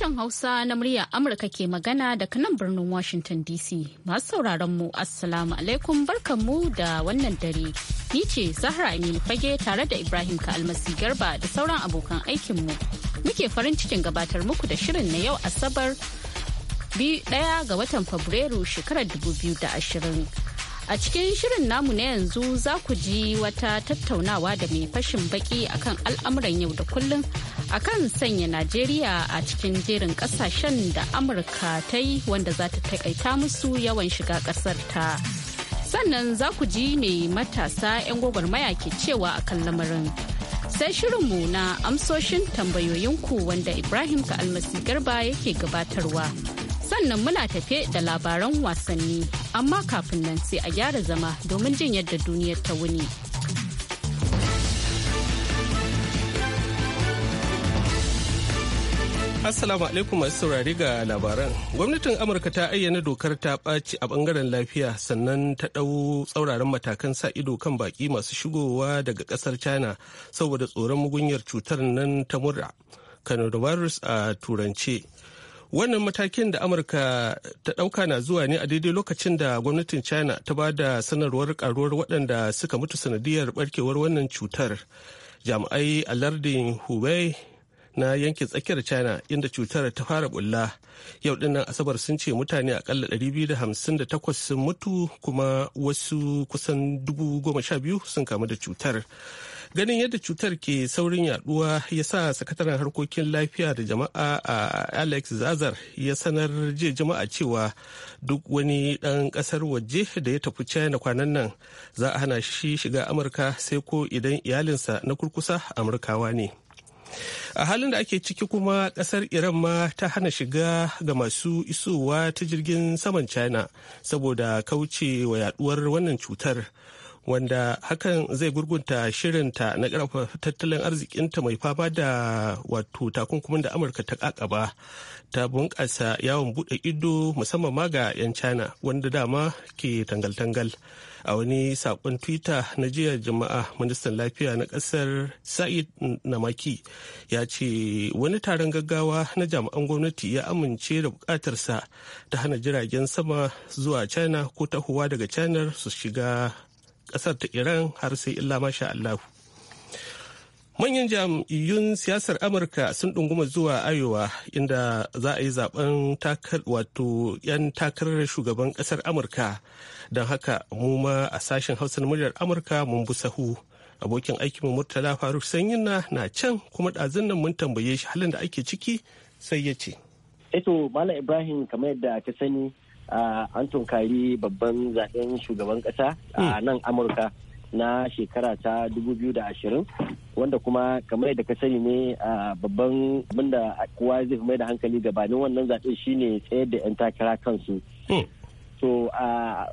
Sashen Hausa na muryar Amurka ke magana daga nan birnin Washington DC. Masu sauraron mu Assalamu alaikum barkanmu da wannan dare. Ni ce Zahra Aminu Fage tare da Ibrahim Ka'almasi Garba da sauran abokan aikinmu. Muke farin cikin gabatar muku da shirin na yau Asabar 1 ga watan Fabrairu shekarar 2020. A cikin shirin namu na yanzu za ku ji wata tattaunawa da mai fashin baki akan al'amuran yau da kullum akan sanya Najeriya a cikin jerin kasashen da Amurka ta yi wanda za ta taƙaita musu yawan shiga ƙasar ta. Sannan za ku ji ne matasa 'yan gwagwarmaya ke cewa akan lamarin. sai shirinmu na amsoshin tambayoyinku wanda Ibrahim ka Almasi Garba yake gabatarwa. Sannan muna tafe da labaran wasanni amma kafin nan sai a gyara zama domin jin yadda duniyar ta wuni. Assalamu alaikum masu saurari ga labaran. Gwamnatin Amurka ta ayyana dokar ta ɓaci a ɓangaren lafiya sannan ta ɗau tsauraran matakan sa ido kan baƙi masu shigowa daga ƙasar China saboda tsoron mugunyar cutar nan ta murra. Coronavirus a turance. wannan matakin da amurka ta ɗauka na zuwa ne a daidai lokacin da gwamnatin china ta ba da sanarwar karuwar waɗanda suka mutu sanadiyar barkewar wannan cutar jami'ai a lardin hubei na yankin tsakiyar china inda cutar ta fara bulla yau dinnan asabar sun ce mutane akalla 258 sun mutu kuma wasu kusan 12,000 sun kamu da cutar ganin yadda cutar ke saurin yaduwa ya sa sakataren harkokin lafiya da jama'a a alex zazar ya sanar jiya jama'a cewa duk wani ɗan ƙasar waje da ya tafi china kwanan nan za a hana shi shiga amurka sai ko idan iyalinsa na kurkusa amurkawa ne a halin da ake ciki kuma kasar iran ma ta hana shiga ga masu isowa ta jirgin saman china saboda kauce wa yaduwar wannan cutar wanda hakan zai gurgunta shirinta na ƙarfafa tattalin arzikinta mai fama da wato takunkumin da amurka ta kakaba ta bunƙasa yawon buɗe ido musamman ma ga 'yan china wanda dama ke tangal-tangal a wani saƙon twitter na jiya jama'a ministan lafiya na ƙasar sa'id namaki ya ce wani taron gaggawa na jami'an gwamnati ya amince da buƙatarsa ta hana jiragen sama zuwa china ko tahowa daga china su shiga kasar ta iran har sai illa masha allahu manyan jam'iyyun siyasar amurka sun dunguma zuwa ayowa inda za a yi zaben wato 'yan takarar shugaban kasar amurka don haka mu ma a sashen hausar muryar amurka mun bi sahu abokin aikin murtala faruk sanyina na can kuma ɗazun nan mun tambaye shi halin da ake ciki sai ya ce eto eh malam ibrahim kamar yadda ka sani an tunkari babban zaben shugaban kasa a hmm. nan amurka na shekara ta 2020 wanda kuma kamar yadda ka sani ne babban abinda kowa zai mai da hankali gabanin wannan zaɓe shine tsayar da 'yan takara kansu so hmm.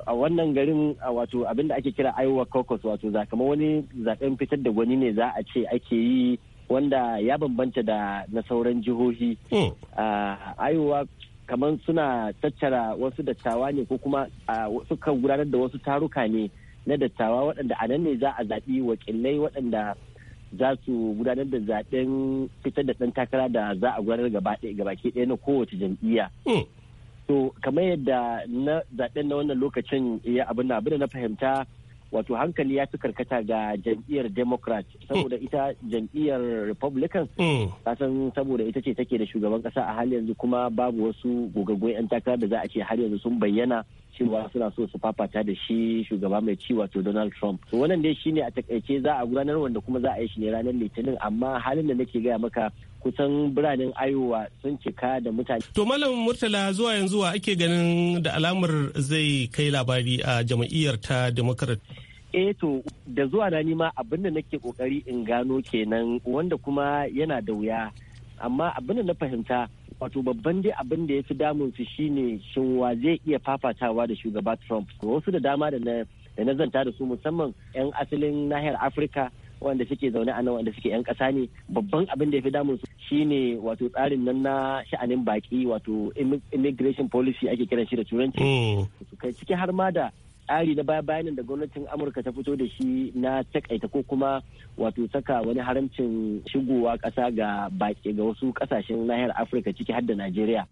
a wannan garin wato abinda ake kira iowa caucus wato kamar wani zaɓen fitar da gwani ne za a ce ake yi wanda ya bambanta da na sauran jihohi hmm. iowa kamar suna tattara wasu dattawa ne ko kuma suka gudanar da wasu taruka ne na dattawa waɗanda a nan ne za a zaɓi wakilai waɗanda za su gudanar da zaɓen fitar da ɗan takara da za a gudanar gabaki ɗaya na kowace jam'iyya. Hmm. To kamar yadda na zaɓen na wannan lokacin ya abin abin da na fahimta wato hankali ya fi karkata ga jam'iyyar democrat hmm. saboda ita jam'iyyar republican hmm. kasan saboda ita ce take da shugaban kasa a hali yanzu kuma babu wasu gogaggoyi 'yan takara da za a ce har yanzu sun bayyana cewa suna so su fafata da shi shugaba mai ci wato donald trump to wannan dai shine a takaice za a gudanar wanda kuma za a yi shi ne ranar litinin amma halin da nake gaya maka kusan biranen Iowa sun cika da mutane. To Malam Murtala zuwa yanzu wa ake ganin da alamar zai kai labari a jam'iyyar ta Democrat. E to da zuwa na nima abin da nake kokari in gano kenan wanda kuma yana da wuya amma abin da na fahimta wato babban dai abin da ya fi damun su shine shinwa zai iya fafatawa da shugaba trump wasu da dama da na zanta da su musamman 'yan asalin nahiyar afirka wanda suke zaune a nan wanda suke yan kasa ne babban abin da ya fi damun su shine wato tsarin nan na sha'anin baki wato immigration policy ake kiran shi da turanci mm. ciki har ma da tsari na baya bayanin da gwamnatin amurka ta fito da shi na takaita ko kuma wato saka wani haramcin shigowa kasa ga baki ga wasu kasashen nahiyar afirka ciki har da najeriya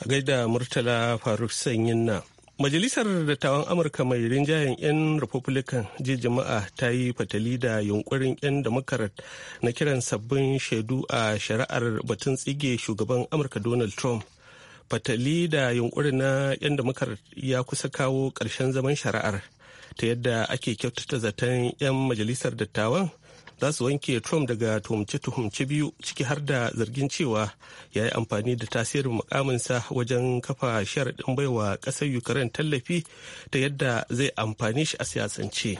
a gaida murtala faruk sanyin nan Majalisar Dattawan Amurka mai rinjayen 'yan Republican ji jama'a ta yi fatali da yunkurin 'yan Democrat na kiran sabbin shaidu a shari'ar batun tsige shugaban Amurka Donald Trump. Fatali da yunkurin na 'yan Democrat ya kusa kawo ƙarshen zaman shari'ar ta yadda ake kyautata zaton 'yan Majalisar Dattawan za su wanke Trump daga tuhumce-tuhumce biyu ciki har da zargin cewa ya yi amfani da tasirin mukaminsa wajen kafa sharaɗin baiwa ƙasar Ukraine tallafi ta yadda zai amfani shi a siyasance.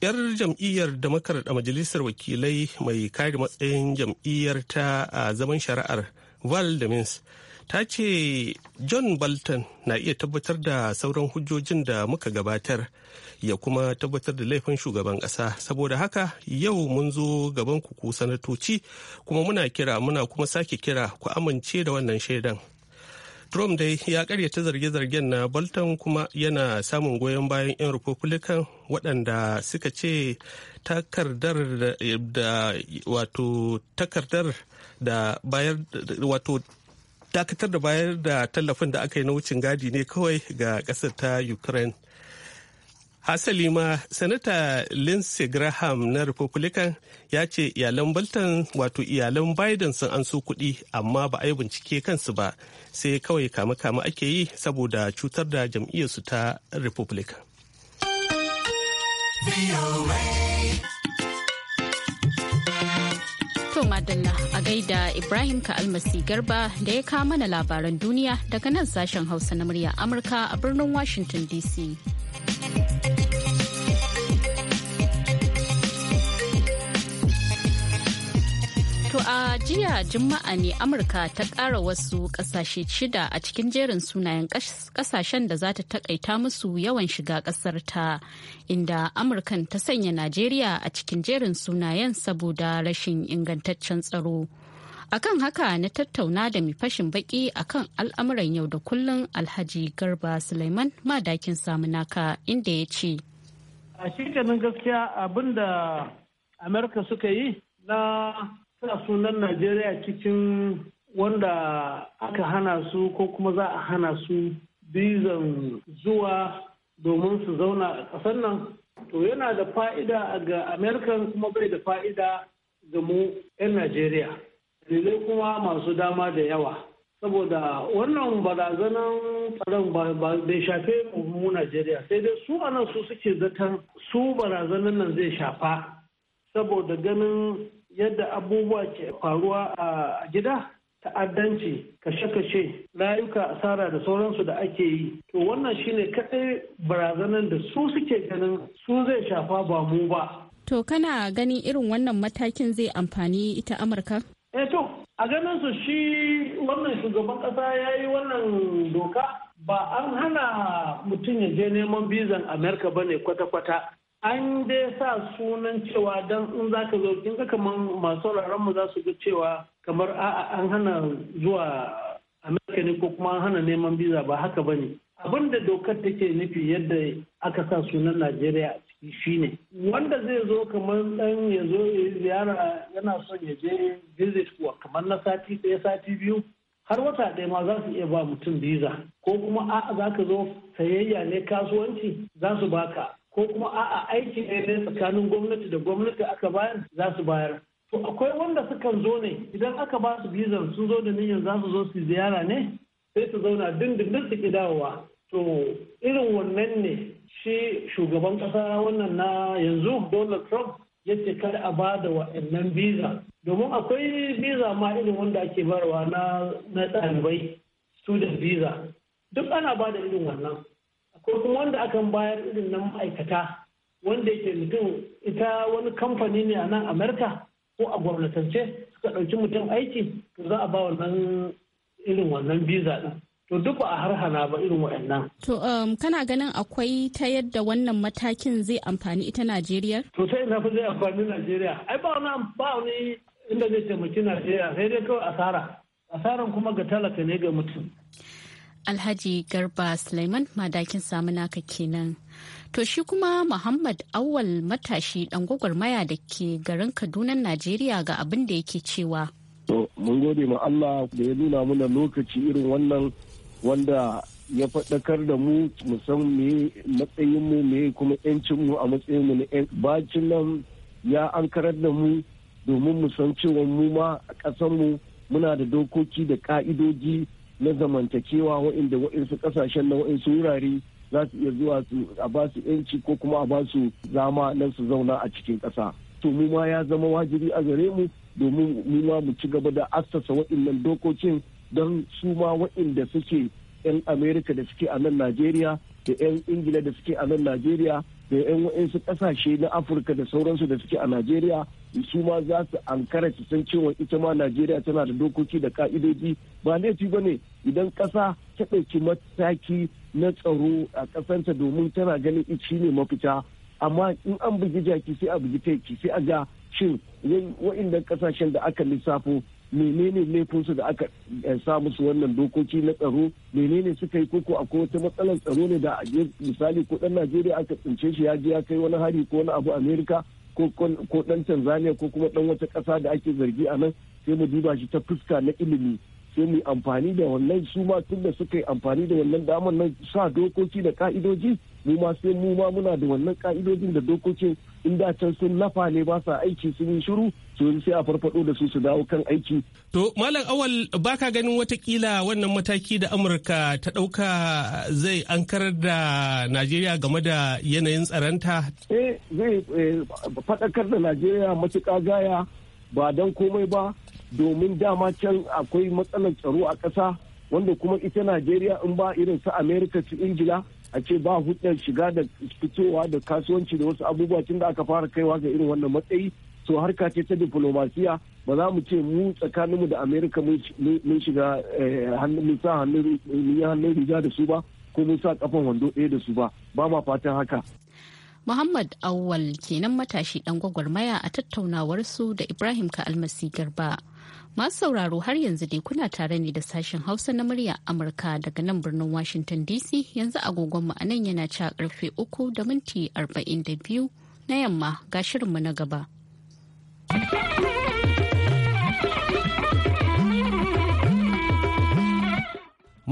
'yar jam'iyyar da a majalisar wakilai mai kare matsayin jam'iyyar ta a zaman shari'ar val mins ta ce john bolton na iya tabbatar da sauran hujjojin da muka gabatar ya kuma tabbatar da laifin shugaban ƙasa saboda haka yau mun zo gaban ku sanatoci kuma muna kira muna kuma sake kira ku amince da wannan shaidan trump dai ya karyata zarge-zargen na bolton kuma yana samun goyon bayan 'yan republican waɗanda suka ce takardar da wato takardar da bayar wato dakatar da bayar da tallafin da aka yi na wucin gadi ne kawai ga kasar ta ukraine hasali ma sanata lindsey graham na republican ya ce iyalan bolton wato iyalan biden sun an so kuɗi amma ba a yi bincike kansu ba sai kawai kama-kama ake yi saboda cutar da jam'iyyarsu ta republican To Madalla a gaida Ibrahim ka almasi Garba da ya kawo mana labaran duniya daga nan sashen Hausa na murya Amurka a birnin Washington DC. To a jiya Juma'a ne Amurka ta ƙara wasu ƙasashe shida a cikin jerin sunayen ƙasashen da za ta takaita musu yawan shiga ƙasar ta, inda Amurkan ta sanya Najeriya a cikin jerin sunayen saboda rashin ingantaccen tsaro. Akan haka na tattauna da mai fashin baki akan al'amuran yau da kullun Alhaji Garba Sulaiman madakin samunaka inda ya ce. A gaskiya abin da Amurka suka yi na sa sunan najeriya cikin wanda aka hana su ko kuma za a hana su bizan zuwa domin su zauna a ƙasar nan to yana da fa'ida ga amerikan kuma bai da fa'ida ga mu 'yan najeriya dalilai kuma masu dama da yawa saboda wannan barazanan tsaron bai shafe mu najeriya sai dai su anan su suke zaton su barazanan nan zai shafa saboda ganin yadda abubuwa ke faruwa a gida ta'addanci kashe-kashe layuka asara da sauransu da ake yi to wannan shine kaɗai barazanar da su suke ganin su zai shafa ba mu ba to kana ganin irin wannan matakin zai amfani ita amurka eh to a ganin su shi wannan shugaban ƙasa ya yi wannan doka ba an hana mutum ya je neman bizan Amurka ba ne kwata-kwata an dai sa sunan cewa dan in za ka zo kin ga kamar masu mu za su ga cewa kamar a'a an hana zuwa amerika ne ko kuma an hana neman biza ba haka ba ne abin da dokar take nufi yadda aka sa sunan najeriya a ciki shine wanda zai zo kamar dan ya zo ziyara yana son ya je visit kuwa kamar na sati ɗaya sati biyu har wata ɗaya ma za su iya ba mutum biza ko kuma a'a za ka zo sayayya ne kasuwanci za su baka ko kuma a'a aiki ne ne tsakanin gwamnati da gwamnati aka bayar za su bayar to akwai wanda sukan zo ne idan aka ba su bizan sun zo da niyyar za su zo su ziyara ne sai su zauna dindindin su ki dawowa to irin wannan ne shi shugaban kasa wannan na yanzu Donald Trump ce kada a ba da wa'annan biza domin akwai biza ma irin wanda ake barwa na na ɗalibai student biza duk ana ba da irin wannan ko kuma wanda akan bayar irin nan ma'aikata wanda yake mutum ita wani kamfani ne a nan Amurka ko a gwamnatance suka ɗauki mutum aiki to za a ba wannan irin wannan biza ɗin to duk ba a harhana ba irin waɗannan. to um, kana ganin akwai ta yadda wannan matakin zai amfani ita najeriya to sai ina fi zai amfani najeriya ai ba wani ba wani inda zai taimaki najeriya sai dai kawai asara asaran kuma ga talaka ne ga mutum Alhaji Garba Suleiman madakin samunaka kenan. To shi kuma Muhammad Awal matashi dan gwagwarmaya da ke garin Kaduna Najeriya ga abin da yake cewa. To mun gode ma Allah da ya nuna mana lokaci irin wannan wanda ya faɗakar da mu musan me matsayin mu me kuma yancin mu a matsayin mu na bacin nan ya ankarar da mu domin mu san cewa mu ma a ƙasar mu muna da dokoki da ka'idoji na zamantakewa wa'inda wa'insu kasashen na wa'insu wurare za su iya zuwa su a ba su yanci ko kuma a ba su zama na su zauna a cikin ƙasa to mu ma ya zama wajibi a gare mu domin mu ma mu ci gaba da assasa wa'innan dokokin don su ma wa'inda suke 'yan amerika da suke a nan najeriya da 'yan ingila da suke a nan najeriya da 'yan wa'insu ƙasashe na afirka da sauransu da suke a najeriya su ma za su ankara su san cewa ita ma najeriya tana da dokoki da ka'idoji ba laifi ba ne idan ƙasa ta ɗauki mataki na tsaro a ƙasanta domin tana ganin ici ne mafita amma in an bugi jaki sai a bugi taiki sai a ga shin da ƙasashen da aka lissafo menene laifinsu da aka eh, samu su wannan dokoki na tsaro menene suka yi koko akwai wata matsalar tsaro ne da misali ko dan najeriya aka tsince shi ya je ya kai wani hari ko wani abu amerika ko dan tanzania ko kuma dan wata kasa da ake zargi a nan sai mu duba shi ta fuska na ilimi sai mu amfani da wannan su ma tun da suka yi amfani da wannan damar nan sa dokoki da ka'idoji mu ma sai mu ma muna da wannan ka'idojin da dokokin in da can sun lafa ne ba sa aiki sun yi shiru to sai a farfado da su su dawo kan aiki. To Malam Awal baka ganin watakila wannan mataki da Amurka ta ɗauka zai ankar da Najeriya game da yanayin tsaranta. Eh zai eh, fadakar da Najeriya matuƙa gaya ba don komai ba domin dama can akwai matsalar tsaro a ƙasa wanda kuma ita Najeriya in ba irin su Amerika su Ingila a ce ba hudun shiga da fitowa da kasuwanci da wasu abubuwa tun da aka fara kaiwa ga irin wannan matsayi so harka ce ta diplomasiya ba za mu ce mu tsakaninmu da amerika mun shiga eh, mun sa hannun riga da su ba ko mun sa kafan wando ɗaya da su ba ba ma fatan haka Muhammad Awwal kenan matashi dan gwagwarmaya a tattaunawarsu da Ibrahim ka almasi Garba. Masu sauraro har yanzu dai kuna tare ne da sashen Hausa na murya Amurka daga nan birnin Washington DC yanzu agogonmu a nan yana ca karfe uku da minti arba'in da biyu na yamma ga shirinmu na gaba.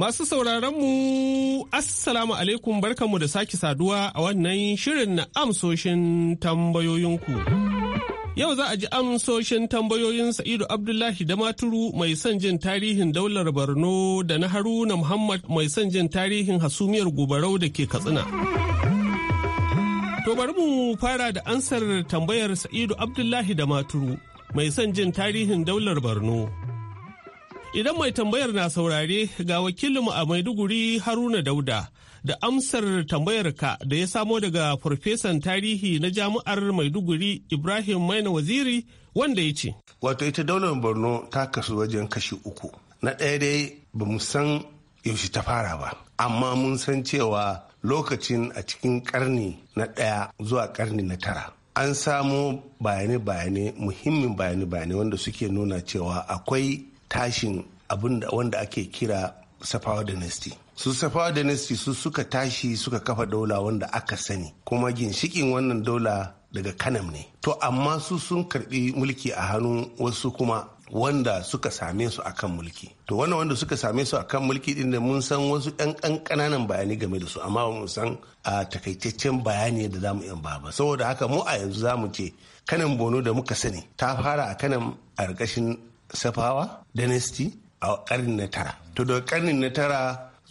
Masu sauraronmu, Assalamu alaikum barkanmu da sake saduwa a wannan shirin na amsoshin tambayoyinku. Yau za a ji amsoshin tambayoyin Sa'idu Abdullahi da Maturu mai son jin tarihin daular Borno da na Haruna Muhammad mai son jin tarihin hasumiyar gobarau da ke Katsina. To bari mu fara da ansar tambayar Sa'idu Abdullahi da Maturu mai son jin tarihin daular Borno. Idan mai tambayar na saurare ga wakilinmu a Maiduguri Haruna Dauda da amsar tambayar ka da ya samo daga farfesan tarihi na jami'ar Maiduguri Ibrahim Maina Waziri wanda ya ce. Wato ita daular Borno ta kasu wajen kashi uku. Na ɗaya dai ba mu san yaushe ta fara ba, amma mun san cewa lokacin a cikin ƙarni na ɗaya zuwa ƙarni na tara. An samo bayane-bayane muhimmin bayane-bayane wanda suke nuna cewa akwai tashin abin wanda ake kira safawa dynasty su safawa dynasty su suka tashi suka kafa daula wanda aka sani kuma ginshikin wannan daula daga kanam ne to amma su sun karbi mulki a hannu wasu kuma wanda suka same su akan mulki to wannan wanda suka same su akan mulki din da mun san wasu ɗan ƙanƙananan bayani game da su amma ba mu san a takaitaccen bayani da zamu yi ba ba saboda haka mu a yanzu zamu ce kanan bono da muka sani ta fara a kanan a ƙarƙashin safawa dynasty a karni na tara to daga karni na tara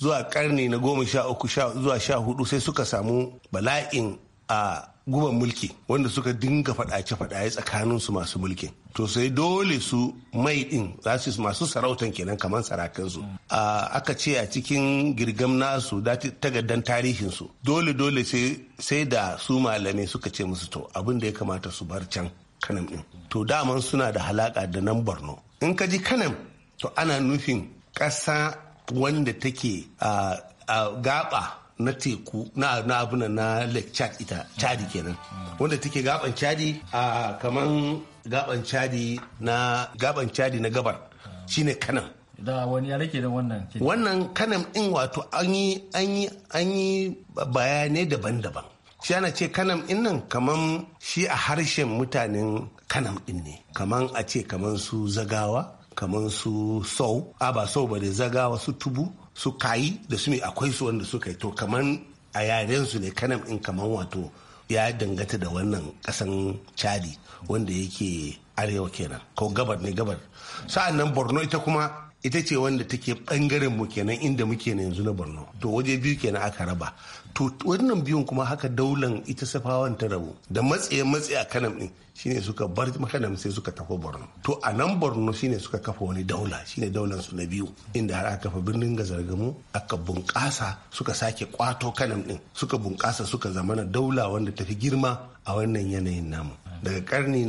zuwa karni na goma sha uku zuwa sha hudu sai suka samu bala'in a guban mulki wanda suka dinga faɗace faɗaye tsakanin su masu mulkin to sai dole su mai ɗin za su masu sarautan kenan kamar a aka ce a cikin girgam nasu tagaddan tarihin su dole dole sai da su malamai suka ce musu to abin da ya kamata su bar can kanam ɗin to daman suna da halaka da nan borno in ka ji kanan to ana nufin ƙasa wanda take a gaba na teku na abuna na lake chad ita chadi kenan wanda take gaban chadi a kaman gaban chadi na gaban chadi na gabar shine kanan da wani ya rike da wannan wannan kanan din wato an yi bayanai daban-daban shi ana ce kanam din nan kaman shi a harshen mutanen kanam din ne kaman a ce kaman su zagawa kaman su sau a ba sau ba da zagawa su tubu su kayi da su ne akwai su wanda suka yi to kaman a yaren su ne kanam din kaman wato ya dangata da wannan kasan chadi wanda yake arewa kenan ko gabar ne gabar sa'an nan borno ita kuma ita ce wanda take bangaren mu kenan inda muke na yanzu na borno to waje biyu kenan aka raba to wannan biyun kuma haka daulan ita safawan ta rabu da matsaye matsaye a kanam din shine suka bar kanam sai suka tafi borno to a nan borno shine suka kafa wani daula shine daular su na biyu inda har aka kafa birnin gazargamu aka bunkasa suka sake kwato kanam din suka bunƙasa suka zamana daula wanda tafi girma a wannan yanayin namu daga karni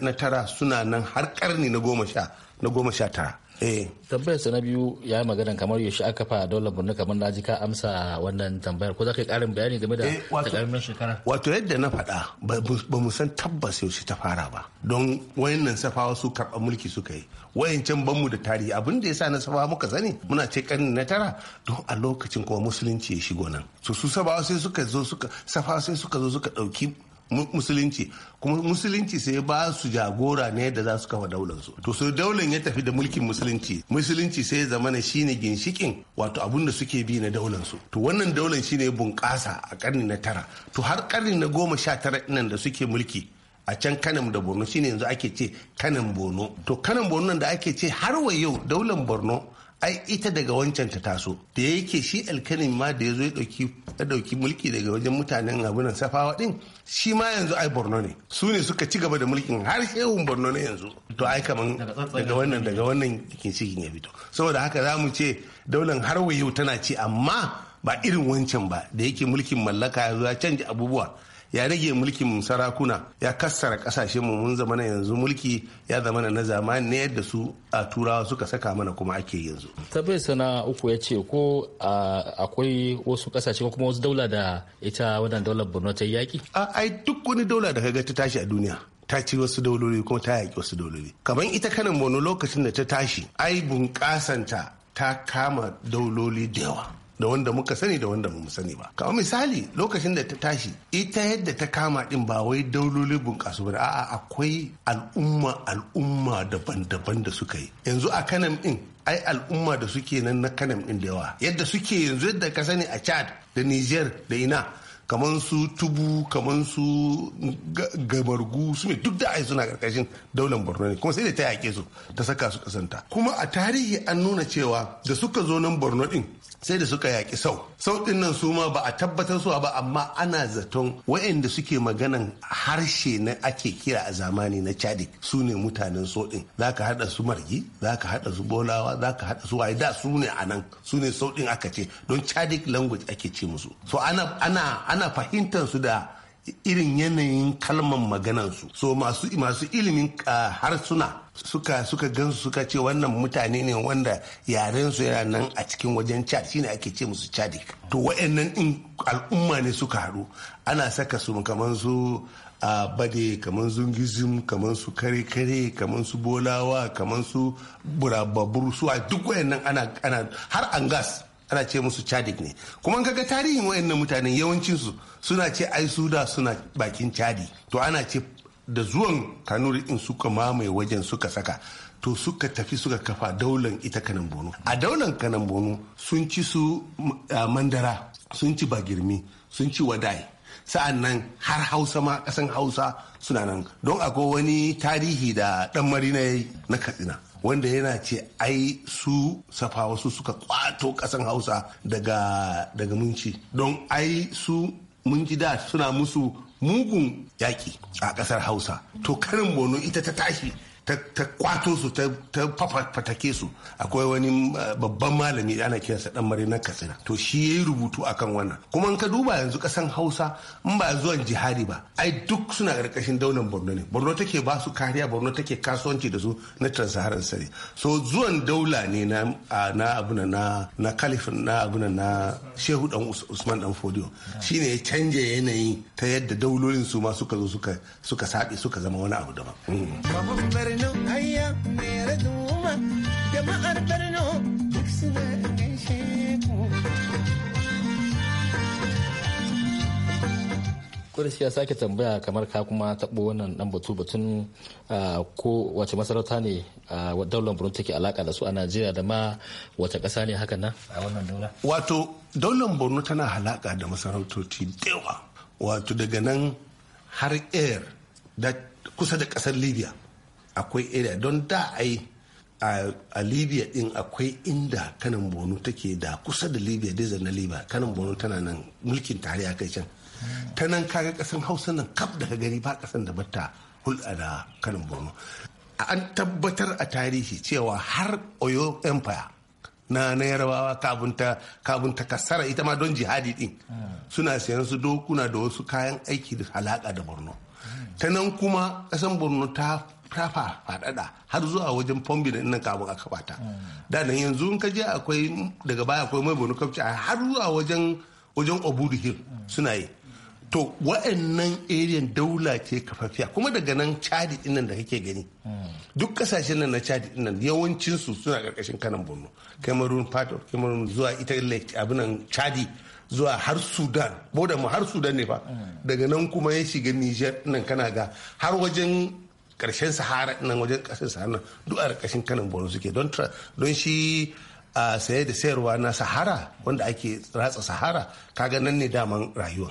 na tara suna nan har karni na goma sha na goma sha tara Eh. tambayarsa na biyu ya yi magana kamar yaushe aka fa dole borno kamar na ji ka amsa wannan tambayar ko za ka yi karin bayani game da eh, takamaiman shekara wato yadda na faɗa ba mu san tabbas yaushe ta fara ba don wayannan safawa su karɓa mulki suka yi wayancan banmu da tarihi abin da ya sa na safawa muka sani muna ce karni na tara don a lokacin kuma musulunci ya shigo nan su su safawa sai suka zo suka safawa sai suka zo suka ɗauki musulunci kuma musulunci sai ba su jagora ne da za su kafa daular to sai daular ya tafi da mulkin musulunci musulunci sai zama ne shine ginshikin wato abun da suke bi na daular su to wannan daular shine bunƙasa a karni na tara to har karni na goma sha tara nan da suke mulki a can kanan da borno shine yanzu ake ce kanan borno to kanan borno da ake ce har wa yau daular borno ai ita daga wancan ta taso da ya yake shi alkalin ma da ya zo ya dauki mulki daga wajen mutanen abunan safawa din shi ma yanzu ai borno ne su ne suka ci gaba da mulkin har shehun borno ne yanzu to ai kaman daga wannan daga wannan cikin ya fito saboda haka za mu ce daular har yau tana ci amma ba irin wancan ba da yake mulkin mallaka ya zo ya canja abubuwa ya rage mulkin sarakuna ya kassara kasashen mu mun zamana yanzu mulki ya zamana na zamani ne yadda su a turawa suka saka mana kuma ake yanzu tabai sana uku ya ce ko akwai wasu kasashe ko kuma wasu daula da ita wannan daular borno ta yaki a ai duk wani daula da kaga ta tashi a duniya ta ci wasu dauloli kuma ta yaki wasu dauloli kamar ita kanan borno lokacin da ta tashi ai bunƙasanta ta kama dauloli da yawa da wanda muka sani da wanda mu sani ba kamar misali lokacin da ta tashi ita yadda ta kama din ba wai dauloli bunƙasu ba a'a akwai al'umma al'umma daban-daban da suka yi yanzu a kanan din ai al'umma da suke nan na kanan din da yawa yadda suke yanzu yadda ka sani a chad da niger da ina kamar su tubu kamar su gabargu su ne duk da ai suna karkashin daular borno ne kuma sai da ta yaƙe su ta saka su kasanta kuma a tarihi an nuna cewa da suka zo nan borno din sai da suka yaƙi sau sau din nan su ma ba a tabbatar su ba amma ana zaton waɗanda suke maganan harshe na ake kira a zamani na chadi su ne mutanen sau din ka hada su margi za ka hada su bolawa za ka hada su waye da su ne a nan su ne sau din aka ce don chadi language ake ce musu so ana fahimtar su da irin yanayin kalman maganansu so masu masu ilimin harsuna suka suka gansu suka ce wannan mutane ne wanda yarensu yana nan a cikin wajen chad shine ake ce musu chadi to wa'annan in al'umma ne suka haɗu ana saka su kamar su a bade kamar su gizim kamar su kare kare kamar su bolawa kamar su burababur su a duk wayannan ana ana har an gas ana ce musu chadik ne kuma ga tarihin wayannan mutanen su suna ce ai su da suna bakin chadi to ana ce da zuwan kanuri din suka mamaye wajen suka saka to suka tafi suka kafa daular ita kanan bono a daular kanan bono sun ci su eh, mandara sun ci bagirmi sun ci wadai sa'an nan har hausa ma kasan hausa suna nan don akwai wani tarihi da dan marina na katsina wanda yana ce ai su safa wasu suka kwato kasan hausa daga daga munci don ai su mun ji da suna musu mugun yaƙi a ƙasar hausa to karin bono ita ta tashi ta kwato su ta fatake su akwai wani eh, babban malami ana kiransa dan mare na katsina to shi ya yi rubutu akan wannan kuma in ka duba yanzu kasan hausa in ba zuwan jihadi ba ai duk suna karkashin daular borno ne borno take ba su kariya borno take kasuwanci da su na transaharan sare so zuwan daula ne na na na na kalifin na abu na shehu dan usman dan fodiyo shine ya canja yanayi ta yadda daulolin su ma suka zo suka suka sabe suka zama wani abu daban hmm. Borno hayya mere duma jama'ar Borno duk suna gaishe ku. Kursi ya sake tambaya kamar ka kuma taɓo wannan ɗan batu batun ko wace masarauta ne daular Borno take alaƙa da su a Najeriya da ma wace ƙasa ne hakan nan a wannan daula. Wato daular Borno tana halaƙa da masarautoci dewa wato daga nan har air da kusa da ƙasar Libya. akwai area don da ai a libya din akwai inda kanan bono take da kusa da libya desert na libya kanan bono tana nan mulkin tare a kai can ta nan kaga kasan hausa nan kaf daga gari ba kasan da bata hulɗa da kanan bono an tabbatar a tarihi cewa har oyo empire na na yarabawa kafin ta kasara ita ma don jihadi din suna sayan su dokuna da wasu kayan aiki da halaka da borno ta nan kuma kasan borno ta ta faɗaɗa har zuwa wajen fombi da nan kamun aka bata da nan yanzu in ka je akwai daga baya akwai mai bonu kafci har zuwa wajen wajen obudu hill suna yi to wa'annan eriyan daula ce kafafiya kuma daga nan chadi dinnan da kake gani duk kasashen nan na chadi dinnan yawancin su suna karkashin kanan borno cameroon part of cameroon zuwa ita lake abinan chadi zuwa har sudan boda mu har sudan ne fa daga nan kuma ya shiga niger nan kana ga har wajen karshen sahara nan wajen kasar sahara nan duk a karkashin kanan borno suke don don shi a saye da sayarwa na sahara wanda ake ratsa sahara kaga nan ne daman rayuwa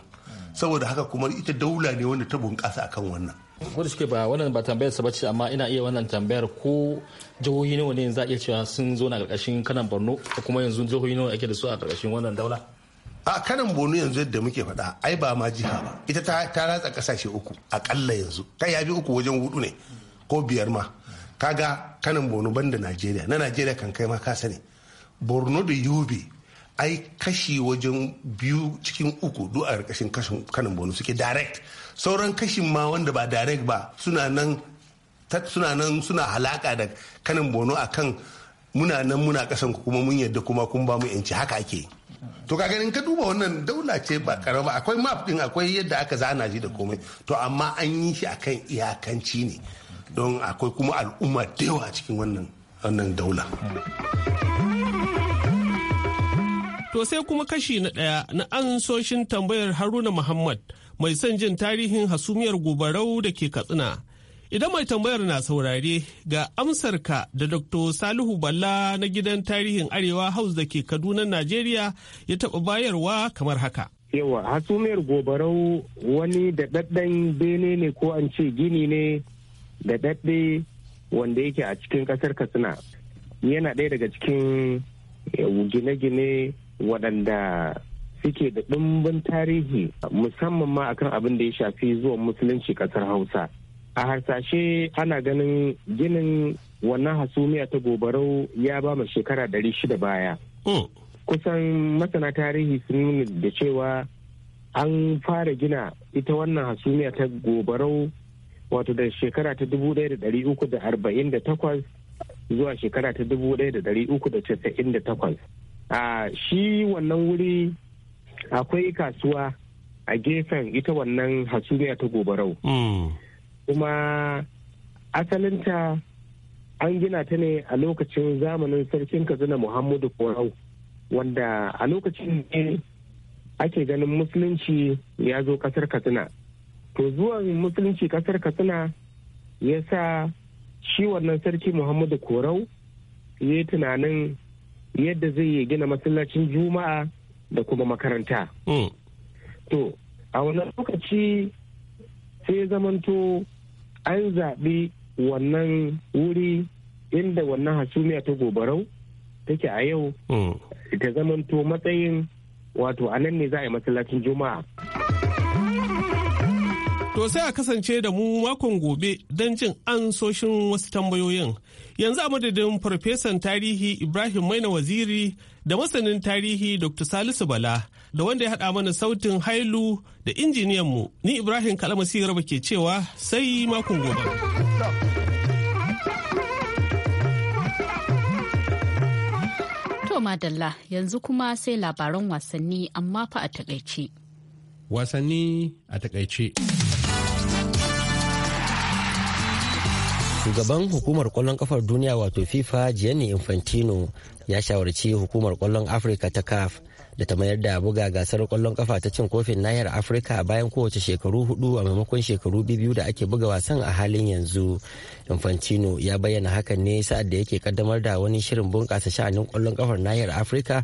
saboda haka kuma ita daula ne wanda ta bunƙasa akan wannan ko da ba wannan ba tambayar sa bace amma ina iya wannan tambayar ko jihohi nawa ne za a iya cewa sun zo na karkashin kanan borno kuma yanzu jihohi nawa ake da su a karkashin wannan daula a kanan bono yanzu yadda muke faɗa ai ba ma jiha ba ita ta ratsa kasashe uku akalla yanzu kai ya bi uku wajen hudu ne ko biyar ma kaga kanan bono banda najeriya na najeriya kan kai ma ka sani borno da yobe ai kashi wajen biyu cikin uku duk a ƙarƙashin kashin kanan bono suke direct sauran kashin ma wanda ba direct ba suna nan suna nan suna halaka da kanan bono akan muna nan muna kasan kuma mun yadda kuma kun ba mu yanci haka ake yi to ka ganin ka duba wannan daula ce ba karama akwai map din akwai yadda aka zana shi da komai to amma an yi shi akan iyakanci ne don akwai kuma al'umma da yawa cikin wannan wannan daula to sai kuma kashi na ɗaya na ansoshin tambayar haruna muhammad mai son jin tarihin hasumiyar gobarau da ke katsina Idan mai tambayar na saurare ga amsarka da Dr. Salihu Balla na gidan tarihin Arewa House da ke Kaduna, Najeriya ya taɓa bayarwa kamar haka. Yawa, hasumiyar gobarau wani daɗaɗɗen bene ne ko an ce gini ne daɗaɗɗe wanda yake a cikin ƙasar Katsina. Yana ɗaya daga cikin eh, gine-gine waɗanda suke da ɗumbin tarihi musamman ma akan abin da ya shafi zuwan musulunci ƙasar Hausa. a harsashe ana ganin ginin wannan hasumiya ta gobarau ya ba mu shekara ɗari shida baya oh. kusan masana tarihi sun nuna da cewa an fara gina ita wannan hasumiya ta gobarau wato da shekara ta dubu ɗaya da ɗari uku da arba'in da takwas zuwa shekara ta dubu ɗaya da ɗari uku da casa'in da takwas a shi wannan wuri akwai kasuwa a gefen ita wannan hasumiya ta gobarau hmm. kuma asalinta an gina ta ne a lokacin zamanin sarkin kaduna muhammadu korau wanda a lokacin ne ake ganin musulunci ya zo kasar katsina to zuwan musulunci kasar katsina ya sa shi wannan sarki muhammadu korau ya yi tunanin yadda zai yi gina masallacin juma'a da kuma makaranta hmm. to a wani lokaci sai zamanto an zaɓi wannan wuri inda wannan hasumiya ta gobarau take a yau mm. ta zamanto matsayin wato a nan ne za a yi masallacin juma'a To sai a kasance da mu makon gobe don jin ansoshin wasu tambayoyin. Yanzu a madadin Farfesan Tarihi Ibrahim Maina Waziri da masanin tarihi Dr. Salisu Bala da wanda ya haɗa mana sautin hailu da mu, ni Ibrahim Kalamasi Raba ke cewa sai makon gobe. To madalla yanzu kuma sai labaran wasanni amma fa a takaice. Wasanni a takaice. shugaban hukumar kwallon kafar duniya wato fifa gianni infantino ya shawarci hukumar kwallon afirka ta caf da ta mayar da buga gasar kwallon kafa ta cin kofin nahiyar afirka bayan kowace shekaru hudu a maimakon shekaru biyu da ake buga wasan a halin yanzu Infantino ya bayyana hakan ne sa'ad da yake kaddamar da wani shirin bunƙasa sha'anin ƙwallon ƙafar nahiyar Afirka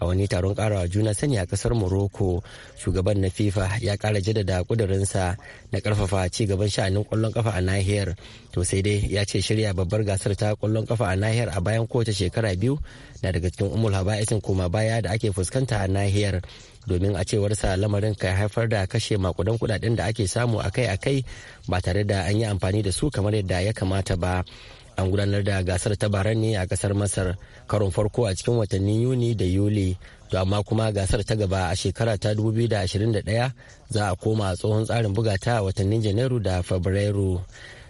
a wani taron ƙarawa juna sani a ƙasar Morocco. Shugaban na FIFA ya ƙara jaddada ƙudurinsa na ƙarfafa ci gaban sha'anin ƙwallon ƙafa a nahiyar. To sai dai ya ce shirya babbar gasar ta ƙwallon ƙafa a nahiyar a bayan kowace shekara biyu na daga cikin umul haba'isin koma baya da ake fuskanta a nahiyar. domin a cewarsa lamarin ka haifar da kashe makudan kudaden da ake samu akai-akai ba tare da an yi amfani da su kamar yadda ya kamata ba an gudanar da gasar tabaran ne a kasar masar karon farko a cikin watannin yuni da yuli to amma kuma gasar ta gaba a shekara ta 2021 za a koma tsohon tsarin bugata a watannin janairu da fabrairu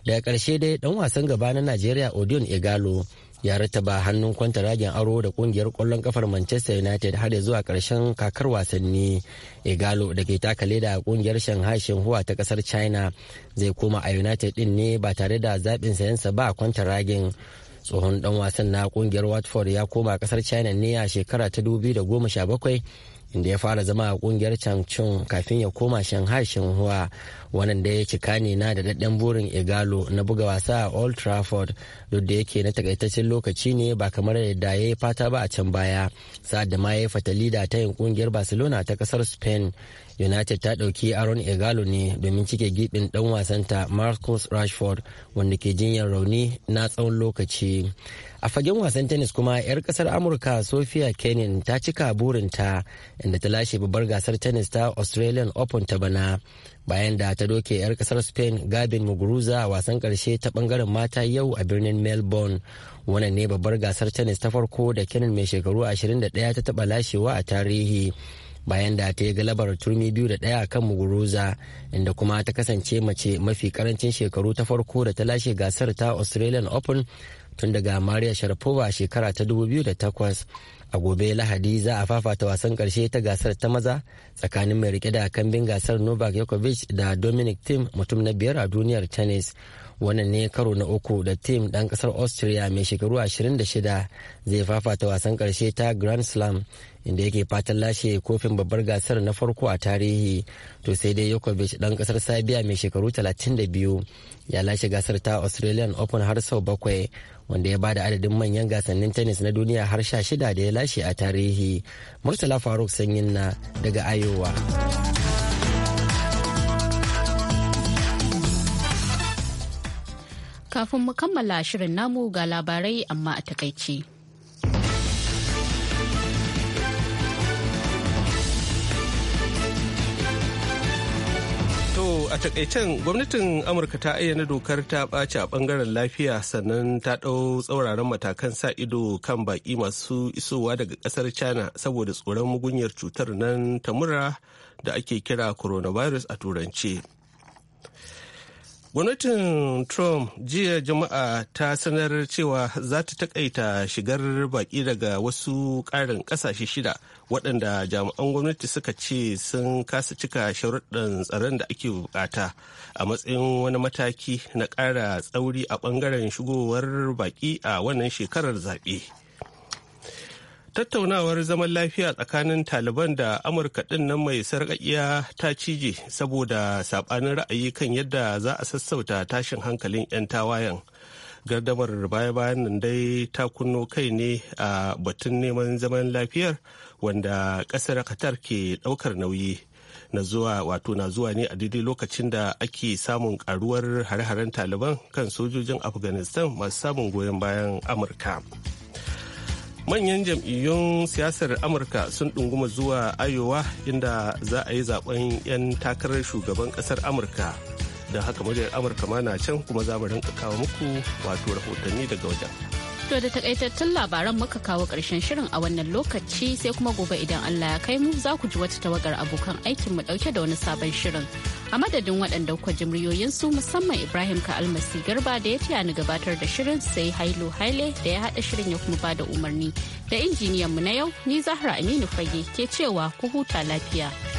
daga karshe dai dan wasan gaba na najeriya odion igalo ya rataba hannun kwanta ragin aro da kungiyar kwallon kafar manchester united har ya zuwa karshen kakar wasanni igalo da ke taka leda kungiyar shanghai shenhua ta kasar china zai koma a united din ne ba tare da zaɓin sayansa ba kwanta ragin tsohon dan wasan na kungiyar watford ya koma kasar china ne a shekara ta 2017 inda ya fara zama a kungiyar changchun kafin ya koma shanghai shenhua wannan da ya cika ne na da daɗin burin igalo na buga wasa a old trafford duk da yake na takaitaccen lokaci ne ba kamar yadda ya yi fata ba a can baya sa'ad da ma ya yi fatali da tayin kungiyar barcelona ta kasar spain united ta ɗauki aaron igalo ne domin cike gibin ɗan wasanta marcus rashford wanda ke jinyar rauni na tsawon lokaci a fagen wasan tennis kuma 'yar kasar amurka sophia kenin ta cika burinta inda ta lashe babbar gasar tennis ta australian open ta bana bayan da ta doke 'yar kasar spain gabin muguruza a wasan karshe ta bangaren mata yau a birnin melbourne wannan ne babbar gasar tennis ta farko da kenan mai shekaru 21 ta taba lashewa a tarihi bayan da ta yi galabar turmi biyu da daya kan muguruza inda kuma ta kasance mace mafi karancin shekaru ta farko da ta lashe gasar ta australian open tun daga maria sharapova shekara ta 2008 a gobe lahadi za a fafata wasan karshe ta gasar ta maza tsakanin mai rike da kambin gasar novak yakovic da dominic tim mutum na biyar a duniyar tennis wannan ne karo na uku da tim ɗan ƙasar austria mai shekaru 26 zai fafata wasan karshe ta grand slam inda yake fatan lashe kofin babbar gasar na farko a tarihi to sai dai yokovic dan ƙasar sabiya mai shekaru 32 ya lashe gasar ta australian open har sau bakwai wanda ya bada adadin manyan gasannin tennis na duniya har sha shida da ya lashe a tarihi murtala faruk sanyin na daga ayowa. kafin mu kammala shirin namu ga labarai amma a takaice. To a takaicen gwamnatin Amurka ta ayyana dokar ta ɓaci a ɓangaren lafiya sannan ta ɗau tsauraran matakan sa ido kan baƙi masu isowa daga ƙasar China saboda tsoron mugunyar cutar nan ta mura da ake kira coronavirus a turance. Gwamnatin Trump jiya Juma'a ta sanar cewa za ta takaita shigar baki daga wasu ƙarin ƙasashe shida waɗanda jami'an gwamnati suka ce sun kasa cika sharuɗan tsaron da ake bukata a matsayin wani mataki na ƙara tsauri a ɓangaren shigowar baki a wannan shekarar zaɓe. tattaunawar zaman lafiya tsakanin taliban da amurka ɗin nan mai sarƙaƙiya ta cije saboda saɓanin ra'ayi kan yadda za a sassauta tashin hankalin 'yan tawayen gardamar baya-bayan nan dai ta kunno kai ne a batun neman zaman lafiyar wanda ƙasar qatar ke ɗaukar nauyi na zuwa wato na zuwa ne a daidai lokacin da ake samun karuwar hare-haren taliban kan sojojin afghanistan masu samun goyon bayan amurka. manyan jam'iyyun siyasar amurka sun ɗunguma zuwa ayowa inda za a yi zaben 'yan takarar shugaban ƙasar amurka da haka muryar amurka ma na can kuma za mu rinka kawo muku wato rahotanni daga wajen To da takaitattun labaran muka kawo ƙarshen shirin a wannan lokaci sai kuma gobe idan Allah ya kai mu za ku ji wata tawagar abokan aikin mu ɗauke da wani sabon shirin. A madadin waɗanda kuka ji muryoyinsu musamman Ibrahim ka almasi garba da ya tiya ni gabatar da shirin sai Hailu Haile da ya haɗa shirin ya kuma ba da umarni. Da injiniyan mu na yau ni Zahra Aminu Fage ke cewa ku huta lafiya.